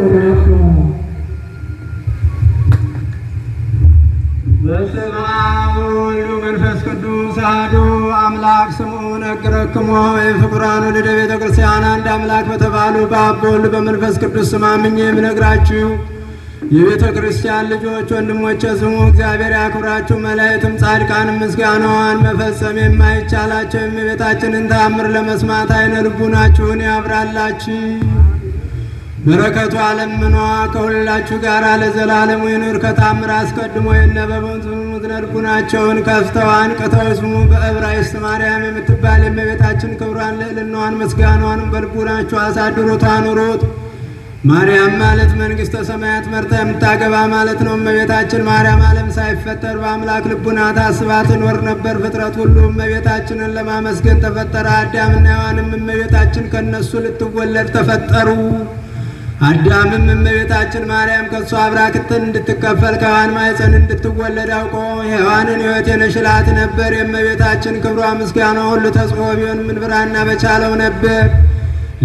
ቅዱስ በስመ አብ ወወልድ ወመንፈስ ቅዱስ አሐዱ አምላክ ስሙ ነግረክሞ የፍቁራን ወልደ ቤተ ክርስቲያን አንድ አምላክ በተባሉ በአብ ወልድ በመንፈስ ቅዱስ ስም አምኜ የምነግራችሁ የቤተ ክርስቲያን ልጆች ወንድሞቼ ስሙ እግዚአብሔር ያክብራችሁ። መላእክትም ጻድቃን ምስጋናዋን መፈጸም የማይቻላቸው የእመቤታችንን ተአምር ለመስማት አይነ ልቡናችሁን ያብራላችሁ። በረከቱ አለምኗ ከሁላችሁ ጋር ለዘላለሙ ይኑር። ከታምር አስቀድሞ የነበበውን ዝሙት ነድቡናቸውን ከፍተው አንቅተው ስሙ በዕብራይስጥ ማርያም የምትባል የእመቤታችን ክብሯን ልዕልናዋን ምስጋናዋንም በልቡናቸው አሳድሩት አኑሩት። ማርያም ማለት መንግሥተ ሰማያት መርታ የምታገባ ማለት ነው። እመቤታችን ማርያም ዓለም ሳይፈጠር በአምላክ ልቡና ታስባ ትኖር ነበር። ፍጥረት ሁሉ እመቤታችንን ለማመስገን ተፈጠረ። አዳምና ሔዋንም እመቤታችን ከነሱ ልትወለድ ተፈጠሩ። አዳምም እመቤታችን ማርያም ከእሱ አብራ ክትን እንድትከፈል ከሔዋን ማኅፀን እንድትወለድ አውቆ የሔዋንን ሕይወት የነሽላት ነበር። የእመቤታችን ክብሯ ምስጋና ሁሉ ተጽፎ ቢሆን ምን ብራና በቻለው ነበር።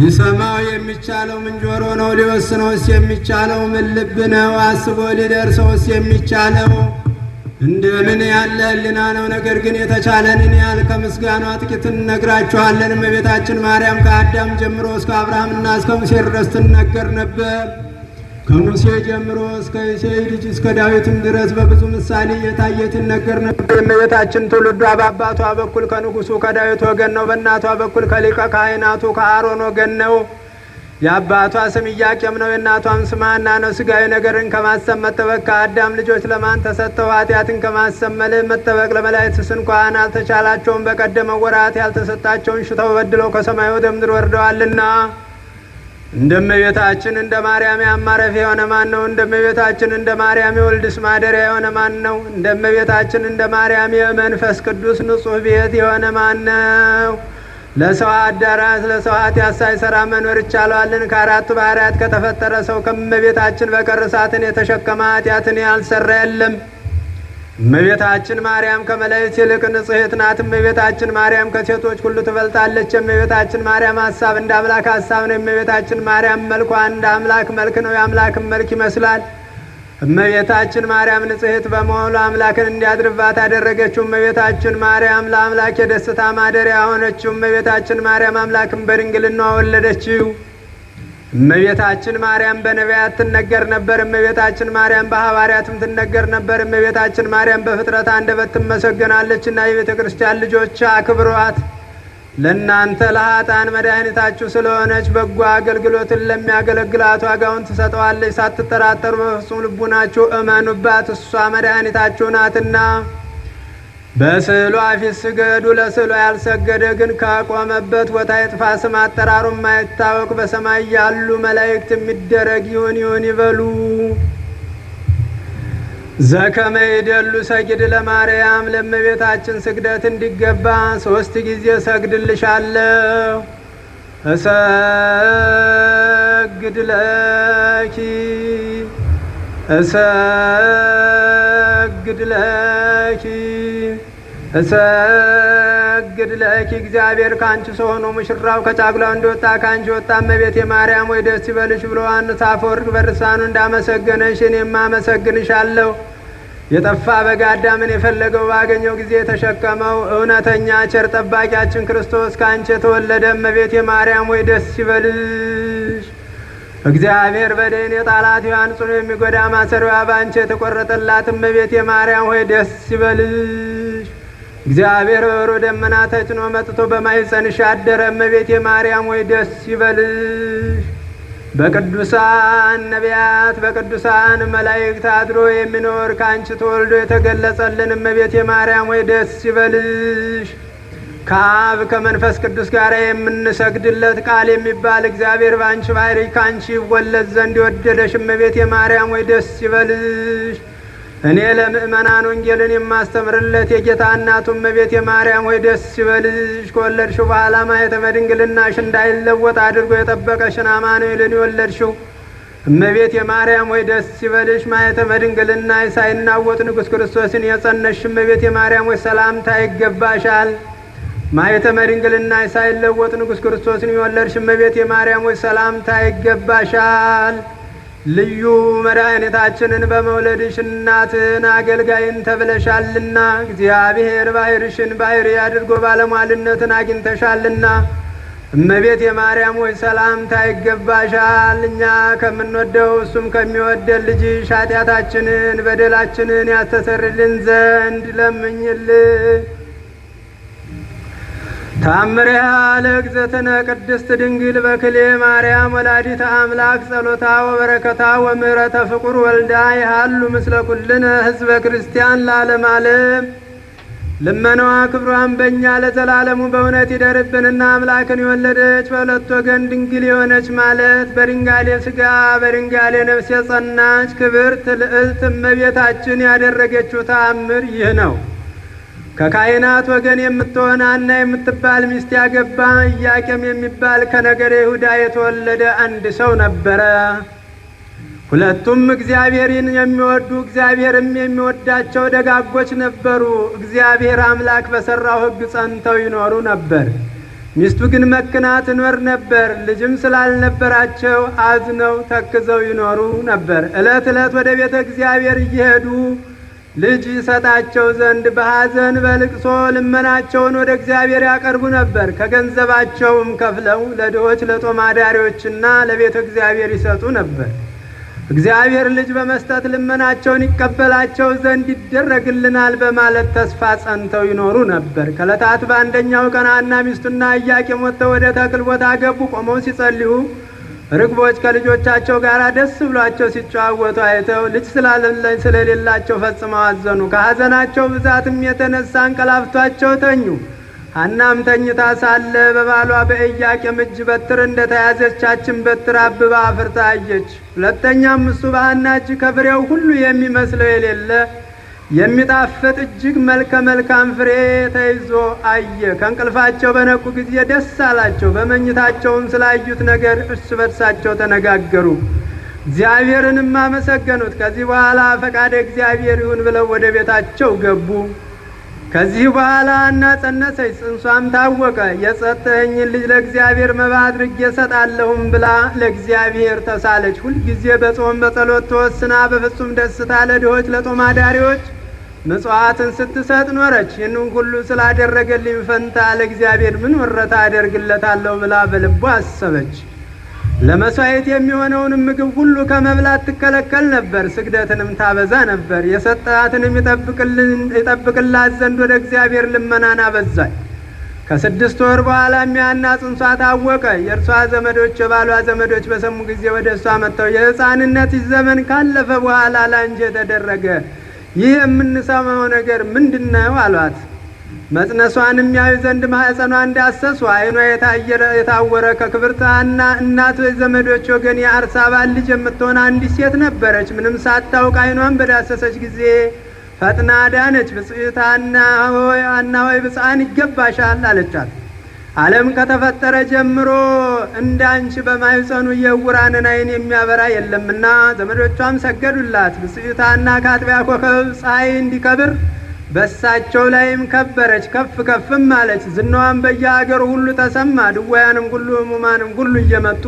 ሊሰማው የሚቻለው ምን ጆሮ ነው? ሊወስነውስ የሚቻለው ምን ልብ ነው? አስቦ ሊደርሰውስ የሚቻለው እንደምን ያለ ሕሊና ነው! ነገር ግን የተቻለንን ያህል ከምስጋኗ ጥቂት እንነግራችኋለን። እመቤታችን ማርያም ከአዳም ጀምሮ እስከ አብርሃምና እስከ ሙሴ ድረስ ትነገር ነበር። ከሙሴ ጀምሮ እስከ እሴይ ልጅ እስከ ዳዊትም ድረስ በብዙ ምሳሌ የታየ ትነገር ነበር። የእመቤታችን ትውልዷ በአባቷ በኩል ከንጉሱ ከዳዊት ወገን ነው። በእናቷ በኩል ከሊቀ ካህናቱ ከአሮን ወገን ነው። የአባቷ ስም እያቄም ነው። የእናቷም ስም ሐና ነው። ስጋዊ ነገርን ከማሰብ መጠበቅ ከአዳም ልጆች ለማን ተሰጠው? ኃጢአትን ከማሰብ መልህ መጠበቅ ለመላእክት ስንኳን አልተቻላቸውም። በቀደመ ወራት ያልተሰጣቸውን ሽተው በድለው ከሰማይ ወደ ምድር ወርደዋልና። እንደመቤታችን እንደ ማርያም ያማረፍ የሆነ ማን ነው? እንደመቤታችን እንደ ማርያም የወልድስ ማደሪያ የሆነ ማን ነው? እንደመቤታችን እንደ ማርያም የመንፈስ ቅዱስ ንጹሕ ቤት የሆነ ማን ነው? ለሰው አዳራሽ ለሰዋት ሰራ መኖር ይቻለዋልን? ከአራቱ ባህርያት ከተፈጠረ ሰው ከእመቤታችን በቀር እሳትን የተሸከመ ኃጢአትን ያልሰራ የለም። እመቤታችን ማርያም ከመላእክት ይልቅ ንጽሕት ናት። እመቤታችን ማርያም ከሴቶች ሁሉ ትበልጣለች። የእመቤታችን ማርያም ሀሳብ እንደ አምላክ ሀሳብ ነው። የእመቤታችን ማርያም መልኳ እንደ አምላክ መልክ ነው። የአምላክን መልክ ይመስላል። እመቤታችን ማርያም ንጽሕት በመሆኑ አምላክን እንዲያድርባት ያደረገችው እመቤታችን ማርያም ለአምላክ የደስታ ማደሪያ ሆነችው እመቤታችን ማርያም አምላክን በድንግልና ወለደችው። እመቤታችን ማርያም በነቢያት ትነገር ነበር። እመቤታችን ማርያም በሐዋርያትም ትነገር ነበር። እመቤታችን ማርያም በፍጥረት አንደበት ትመሰገናለችና የቤተ ክርስቲያን ልጆች አክብሯት። ለእናንተ ለሀጣን መድኃኒታችሁ ስለሆነች በጎ አገልግሎትን ለሚያገለግላት ዋጋውን ትሰጠዋለች። ሳትጠራጠሩ በፍጹም ልቡናችሁ እመኑባት፣ እሷ መድኃኒታችሁ ናትና። በስዕሏ ፊት ስገዱ። ለስዕሏ ያልሰገደ ግን ካቆመበት ቦታ የጥፋ ስም አጠራሩ የማይታወቅ በሰማይ ያሉ መላእክት የሚደረግ ይሁን ይሁን ይበሉ። ዘከመ ይደሉ ሰግድ ለማርያም ለእመቤታችን ስግደት እንዲገባ ሶስት ጊዜ ሰግድልሻለሁ። እሰግድ ለኪ እሰግድ ለኪ እሰግድ ለኪ እግዚአብሔር ከአንቺ ሰሆኖ ሙሽራው ከጫጉላው እንደወጣ ከአንቺ ወጣ። እመቤቴ ማርያም ወይ ደስ ይበልሽ ብሎ ዮሐንስ አፈወርቅ በርሳኑ እንዳመሰገነሽ እኔም አመሰግንሻለሁ። የጠፋ በጋዳ አዳምን የፈለገው ባገኘው ጊዜ የተሸከመው እውነተኛ ቸር ጠባቂያችን ክርስቶስ ከአንቺ የተወለደ እመቤት የማርያም ወይ ደስ ይበልሽ። እግዚአብሔር በደን የጣላት ዮሐን ጽኑ የሚጎዳ ማሰሪዋ በአንቺ የተቆረጠላት እመቤት የማርያም ሆይ ደስ ይበልሽ። እግዚአብሔር በበሮ ደመና ተጭኖ መጥቶ በማኅፀንሽ አደረ እመቤት የማርያም ወይ ደስ ይበልሽ። በቅዱሳን ነቢያት በቅዱሳን መላእክት አድሮ የሚኖር ከአንቺ ተወልዶ የተገለጸልን እመቤት የማርያም ወይ ደስ ይበልሽ። ከአብ ከመንፈስ ቅዱስ ጋር የምንሰግድለት ቃል የሚባል እግዚአብሔር በአንቺ ባሕሪ ከአንቺ ይወለድ ዘንድ የወደደሽ እመቤት የማርያም ወይ ደስ ይበልሽ። እኔ ለምእመናን ወንጌልን የማስተምርለት የጌታ እናቱ እመቤት የማርያም ሆይ ደስ ሲበልሽ ከወለድሽው በኋላ ማየተ ድንግልናሽ እንዳይለወጥ አድርጎ የጠበቀሽን አማኑኤልን የወለድሽው እመቤት የማርያም ሆይ ደስ ሲበልሽ ማኅተመ ድንግልናሽ ሳይናወጥ ንጉሥ ክርስቶስን የጸነሽ እመቤት የማርያም ሆይ ሰላምታ ይገባሻል። ማኅተመ ድንግልናሽ ሳይለወጥ ንጉሥ ክርስቶስን የወለድሽ እመቤት የማርያም ሆይ ሰላምታ ይገባሻል። ልዩ መድኃኒታችንን በመውለድሽ እናትን አገልጋይን ተብለሻልና እግዚአብሔር ባህርሽን ባሕር አድርጎ ባለሟልነትን አግኝተሻልና እመቤት የማርያም ሆይ ሰላምታ ይገባሻል። እኛ ከምንወደው እሱም ከሚወደል ልጅሽ ኃጢአታችንን በደላችንን ያስተሰርልን ዘንድ ለምኝልን። ታምሪያ ለእግዝእትነ ቅድስት ድንግል በክሌ ማርያም ወላዲተ አምላክ ጸሎታ ወበረከታ ወምህረተ ፍቁር ወልዳ ይሃሉ ምስለ ኩልነ ህዝበ ክርስቲያን ለዓለመ ዓለም። ልመናዋ ክብሯን በእኛ ለዘላለሙ በእውነት ይደርብንና አምላክን የወለደች በሁለት ወገን ድንግል የሆነች ማለት በድንጋሌ ስጋ በድንጋሌ ነፍስ የጸናች ክብርት ልዕልት እመቤታችን ያደረገችው ተአምር ይህ ነው። ከካህናት ወገን የምትሆን አና የምትባል ሚስት ያገባ እያቄም የሚባል ከነገደ ይሁዳ የተወለደ አንድ ሰው ነበረ። ሁለቱም እግዚአብሔርን የሚወዱ እግዚአብሔርም የሚወዳቸው ደጋጎች ነበሩ። እግዚአብሔር አምላክ በሠራው ሕግ ጸንተው ይኖሩ ነበር። ሚስቱ ግን መክና ትኖር ነበር። ልጅም ስላልነበራቸው አዝነው ተክዘው ይኖሩ ነበር። ዕለት ዕለት ወደ ቤተ እግዚአብሔር እየሄዱ ልጅ ይሰጣቸው ዘንድ በሐዘን በልቅሶ ልመናቸውን ወደ እግዚአብሔር ያቀርቡ ነበር። ከገንዘባቸውም ከፍለው ለድሆች ለጦማዳሪዎችና ለቤተ እግዚአብሔር ይሰጡ ነበር። እግዚአብሔር ልጅ በመስጠት ልመናቸውን ይቀበላቸው ዘንድ ይደረግልናል በማለት ተስፋ ጸንተው ይኖሩ ነበር። ከለታት በአንደኛው ቀን ሐና ሚስቱና ኢያቄም ወጥተው ወደ ተክል ቦታ ገቡ። ቆመው ሲጸልዩ ርግቦች ከልጆቻቸው ጋር ደስ ብሏቸው ሲጨዋወቱ አይተው ልጅ ስላለለኝ ስለሌላቸው ፈጽመው አዘኑ። ከሐዘናቸው ብዛትም የተነሳ እንቀላፍቷቸው ተኙ። ሐናም ተኝታ ሳለ በባሏ በኢያቄም እጅ በትር እንደተያዘቻችን በትር አብባ አፍርታ አየች። ሁለተኛም እሱ በሐና እጅ ከፍሬው ሁሉ የሚመስለው የሌለ የሚጣፍጥ እጅግ መልከ መልካም ፍሬ ተይዞ አየ። ከእንቅልፋቸው በነቁ ጊዜ ደስ አላቸው። በመኝታቸውም ስላዩት ነገር እርስ በርሳቸው ተነጋገሩ፣ እግዚአብሔርንም አመሰገኑት። ከዚህ በኋላ ፈቃደ እግዚአብሔር ይሁን ብለው ወደ ቤታቸው ገቡ። ከዚህ በኋላ እና ጸነሰች፣ ጽንሷም ታወቀ። የሰጠኸኝን ልጅ ለእግዚአብሔር መባ አድርጌ እሰጣለሁም ብላ ለእግዚአብሔር ተሳለች። ሁልጊዜ በጾም በጸሎት ተወስና በፍጹም ደስታ ለድሆች ለጦም አዳሪዎች ምጽዋትን ስትሰጥ ኖረች። ይህንን ሁሉ ስላደረገልኝ ፈንታ ለእግዚአብሔር ምን ወረታ አደርግለታለሁ ብላ በልቧ አሰበች። ለመስዋየት የሚሆነውንም ምግብ ሁሉ ከመብላት ትከለከል ነበር፣ ስግደትንም ታበዛ ነበር። የሰጣትንም ይጠብቅላት ዘንድ ወደ እግዚአብሔር ልመናን አበዛች። ከስድስት ወር በኋላ ሚያና ጽንሷ ታወቀ። የእርሷ ዘመዶች የባሏ ዘመዶች በሰሙ ጊዜ ወደ እሷ መጥተው የሕፃንነት ዘመን ካለፈ በኋላ ላንቺ የተደረገ ይህ የምንሰማው ነገር ምንድን ነው አሏት። መጽነሷንም ያዩ ዘንድ ማኅፀኗ እንዳሰሱ ዓይኗ የታወረ ከክብርት ሐና እናት ዘመዶች ወገን የአርሳባን ልጅ የምትሆን አንዲት ሴት ነበረች። ምንም ሳታውቅ አይኗን በዳሰሰች ጊዜ ፈጥና ዳነች። ብፅዕት ሐና ሆይ ብፅዓን ይገባሻል አለቻት። ዓለም ከተፈጠረ ጀምሮ እንደ አንቺ በማይጸኑ የውራንን አይን የሚያበራ የለምና ዘመዶቿም ሰገዱላት። ብስዩታና ከአጥቢያ ኮከብ ፀሐይ እንዲከብር በሳቸው ላይም ከበረች፣ ከፍ ከፍም አለች። ዝናዋን በየአገሩ ሁሉ ተሰማ። ድዋያንም ሁሉ ሕሙማንም ሁሉ እየመጡ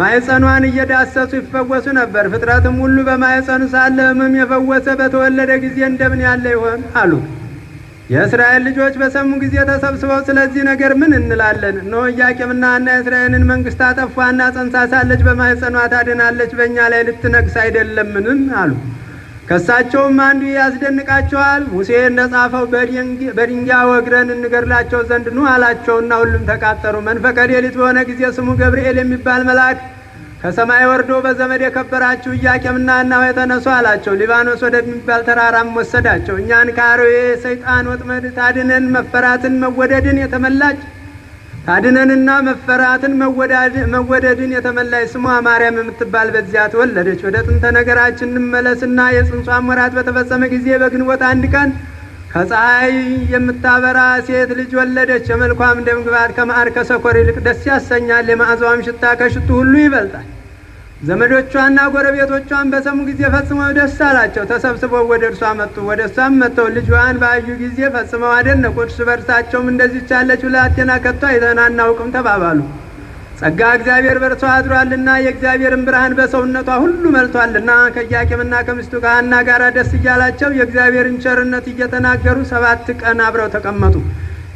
ማይጸኗን እየዳሰሱ ይፈወሱ ነበር። ፍጥረትም ሁሉ በማይጸኑ ሳለ ሕመም የፈወሰ በተወለደ ጊዜ እንደምን ያለ ይሆን አሉ። የእስራኤል ልጆች በሰሙ ጊዜ ተሰብስበው ስለዚህ ነገር ምን እንላለን? እነሆ ኢያቄምና ሐና የእስራኤልን መንግስት አጠፏና ጸንሳሳለች፣ ሳለች ታድናለች፣ በእኛ ላይ ልትነግስ አይደለምንም አሉ። ከሳቸውም አንዱ ያስደንቃቸዋል። ሙሴ እንደጻፈው በድንጋይ ወግረን እንገድላቸው ዘንድ ኑ አላቸውና ሁሉም ተቃጠሩ። መንፈቀ ሌሊት በሆነ ጊዜ ስሙ ገብርኤል የሚባል መልአክ ከሰማይ ወርዶ በዘመድ የከበራችሁ ኢያቄምና እናሁ የተነሱ አላቸው። ሊባኖስ ወደሚባል ተራራም ወሰዳቸው። እኛን ከአረዌ ሰይጣን ወጥመድ ታድነን፣ መፈራትን መወደድን የተመላች ታድነንና መፈራትን መወደድን የተመላች ስሟ ማርያም የምትባል በዚያ ተወለደች። ወደ ጥንተ ነገራችን እንመለስና የጽንሷን ወራት በተፈጸመ ጊዜ በግንቦት አንድ ቀን ከፀሐይ የምታበራ ሴት ልጅ ወለደች። የመልኳም ግባት ከማር ከሰኮር ይልቅ ደስ ያሰኛል። የማዕዛዋም ሽታ ከሽቱ ሁሉ ይበልጣል። ዘመዶቿና ጎረቤቶቿን በሰሙ ጊዜ ፈጽመው ደስ አላቸው። ተሰብስበው ወደ እርሷ መጡ። ወደ እሷም መጥተው ልጇን ባዩ ጊዜ ፈጽመው አደነቁ። እርስ በርሳቸውም እንደዚች ያለች ብላቴና ከቶ አይተን አናውቅም ተባባሉ። ጸጋ እግዚአብሔር በእርሷ አድሯልና የእግዚአብሔርን ብርሃን በሰውነቷ ሁሉ መልቷልና። ከኢያቄምና ከሚስቱ ከሐና ጋር ደስ እያላቸው የእግዚአብሔርን ቸርነት እየተናገሩ ሰባት ቀን አብረው ተቀመጡ።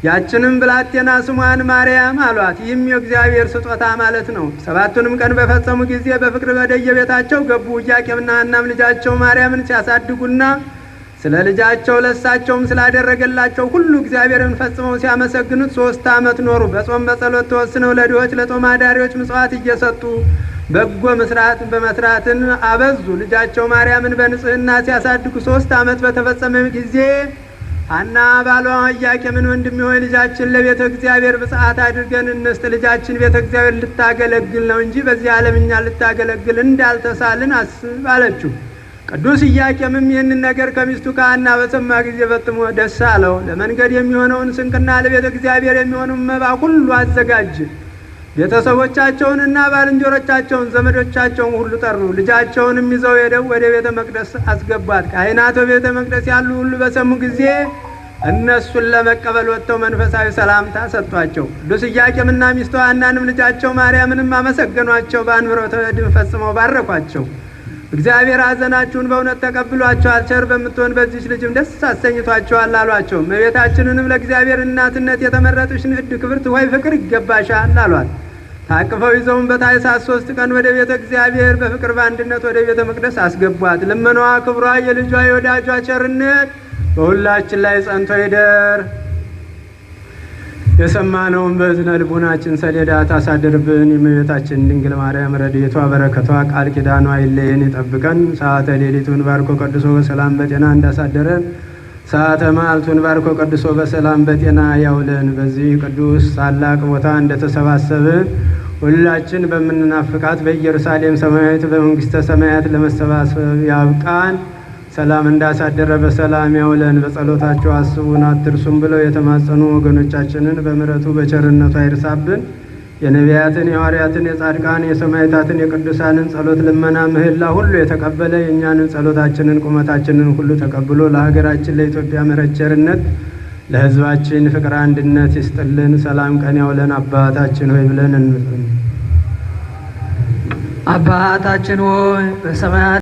ያችንም ብላቴና ስሟን ማርያም አሏት። ይህም የእግዚአብሔር ስጦታ ማለት ነው። ሰባቱንም ቀን በፈጸሙ ጊዜ በፍቅር ወደየቤታቸው ገቡ። ኢያቄምና ሐናም ልጃቸው ማርያምን ሲያሳድጉና ስለ ልጃቸው ለሳቸውም ስላደረገላቸው ሁሉ እግዚአብሔርን ፈጽመው ሲያመሰግኑት ሶስት ዓመት ኖሩ። በጾም በጸሎት ተወስነው ለድሆች ለጦም አዳሪዎች ምጽዋት እየሰጡ በጎ መስራት በመስራትን አበዙ። ልጃቸው ማርያምን በንጽህና ሲያሳድጉ ሶስት ዓመት በተፈጸመ ጊዜ አና ባሏ ምን ወንድም ሆይ ልጃችን ለቤተ እግዚአብሔር ብጽዓት አድርገን እንስት ልጃችን ቤተ እግዚአብሔር ልታገለግል ነው እንጂ በዚህ ዓለም እኛ ልታገለግል እንዳልተሳልን አስብ አለችው። ቅዱስ ኢያቄምም ይህንን ነገር ከሚስቱ ካህና በሰማ ጊዜ ፈጽሞ ደስ አለው። ለመንገድ የሚሆነውን ስንቅና ለቤተ እግዚአብሔር የሚሆኑን መባ ሁሉ አዘጋጅ። ቤተሰቦቻቸውንና ባልንጀሮቻቸውን ዘመዶቻቸውን ሁሉ ጠሩ። ልጃቸውንም ይዘው ሄደው ወደ ቤተ መቅደስ አስገቧት። ካህናቱ ቤተ መቅደስ ያሉ ሁሉ በሰሙ ጊዜ እነሱን ለመቀበል ወጥተው መንፈሳዊ ሰላምታ ሰጥቷቸው ቅዱስ ኢያቄምና ሚስቱ ሐናንም ልጃቸው ማርያምንም አመሰገኗቸው። በአንብሮተ እድ ፈጽመው ባረኳቸው። እግዚአብሔር ሐዘናችሁን በእውነት ተቀብሏቸዋል፣ ቸር በምትሆን በዚች ልጅም ደስ አሰኝቷቸዋል አሏቸው። እመቤታችንንም ለእግዚአብሔር እናትነት የተመረጥሽ ንዕድ ክብርት ወይ ፍቅር ይገባሻል አሏት። ታቅፈው ይዘውን በታኅሳስ ሶስት ቀን ወደ ቤተ እግዚአብሔር በፍቅር በአንድነት ወደ ቤተ መቅደስ አስገቧት። ልመኗዋ ክብሯ፣ የልጇ የወዳጇ ቸርነት በሁላችን ላይ ጸንቶ ይደር። የሰማነውን በዝነ ልቡናችን ሰሌዳ ታሳድርብን። የእመቤታችን ድንግል ማርያም ረድኤቷ በረከቷ ቃል ኪዳኗ አይለየን፣ ይጠብቀን። ሰዓተ ሌሊቱን ባርኮ ቀድሶ በሰላም በጤና እንዳሳደረን ሰዓተ ማልቱን ባርኮ ቀድሶ በሰላም በጤና ያውለን። በዚህ ቅዱስ ታላቅ ቦታ እንደተሰባሰብን ሁላችን በምንናፍቃት በኢየሩሳሌም ሰማያዊት በመንግስተ ሰማያት ለመሰባሰብ ያብቃን። ሰላም እንዳሳደረ በሰላም ያውለን፣ በጸሎታቸው አስቡን አትርሱም ብለው የተማጸኑ ወገኖቻችንን በምረቱ በቸርነቱ አይርሳብን። የነቢያትን የሐዋርያትን፣ የጻድቃን፣ የሰማዕታትን፣ የቅዱሳንን ጸሎት ልመና ምህላ ሁሉ የተቀበለ የእኛንን ጸሎታችንን ቁመታችንን ሁሉ ተቀብሎ ለሀገራችን ለኢትዮጵያ ምሕረት ቸርነት ለህዝባችን ፍቅር አንድነት ይስጥልን። ሰላም ቀን ያውለን አባታችን ሆይ ብለን አባታችን ሆይ በሰማያት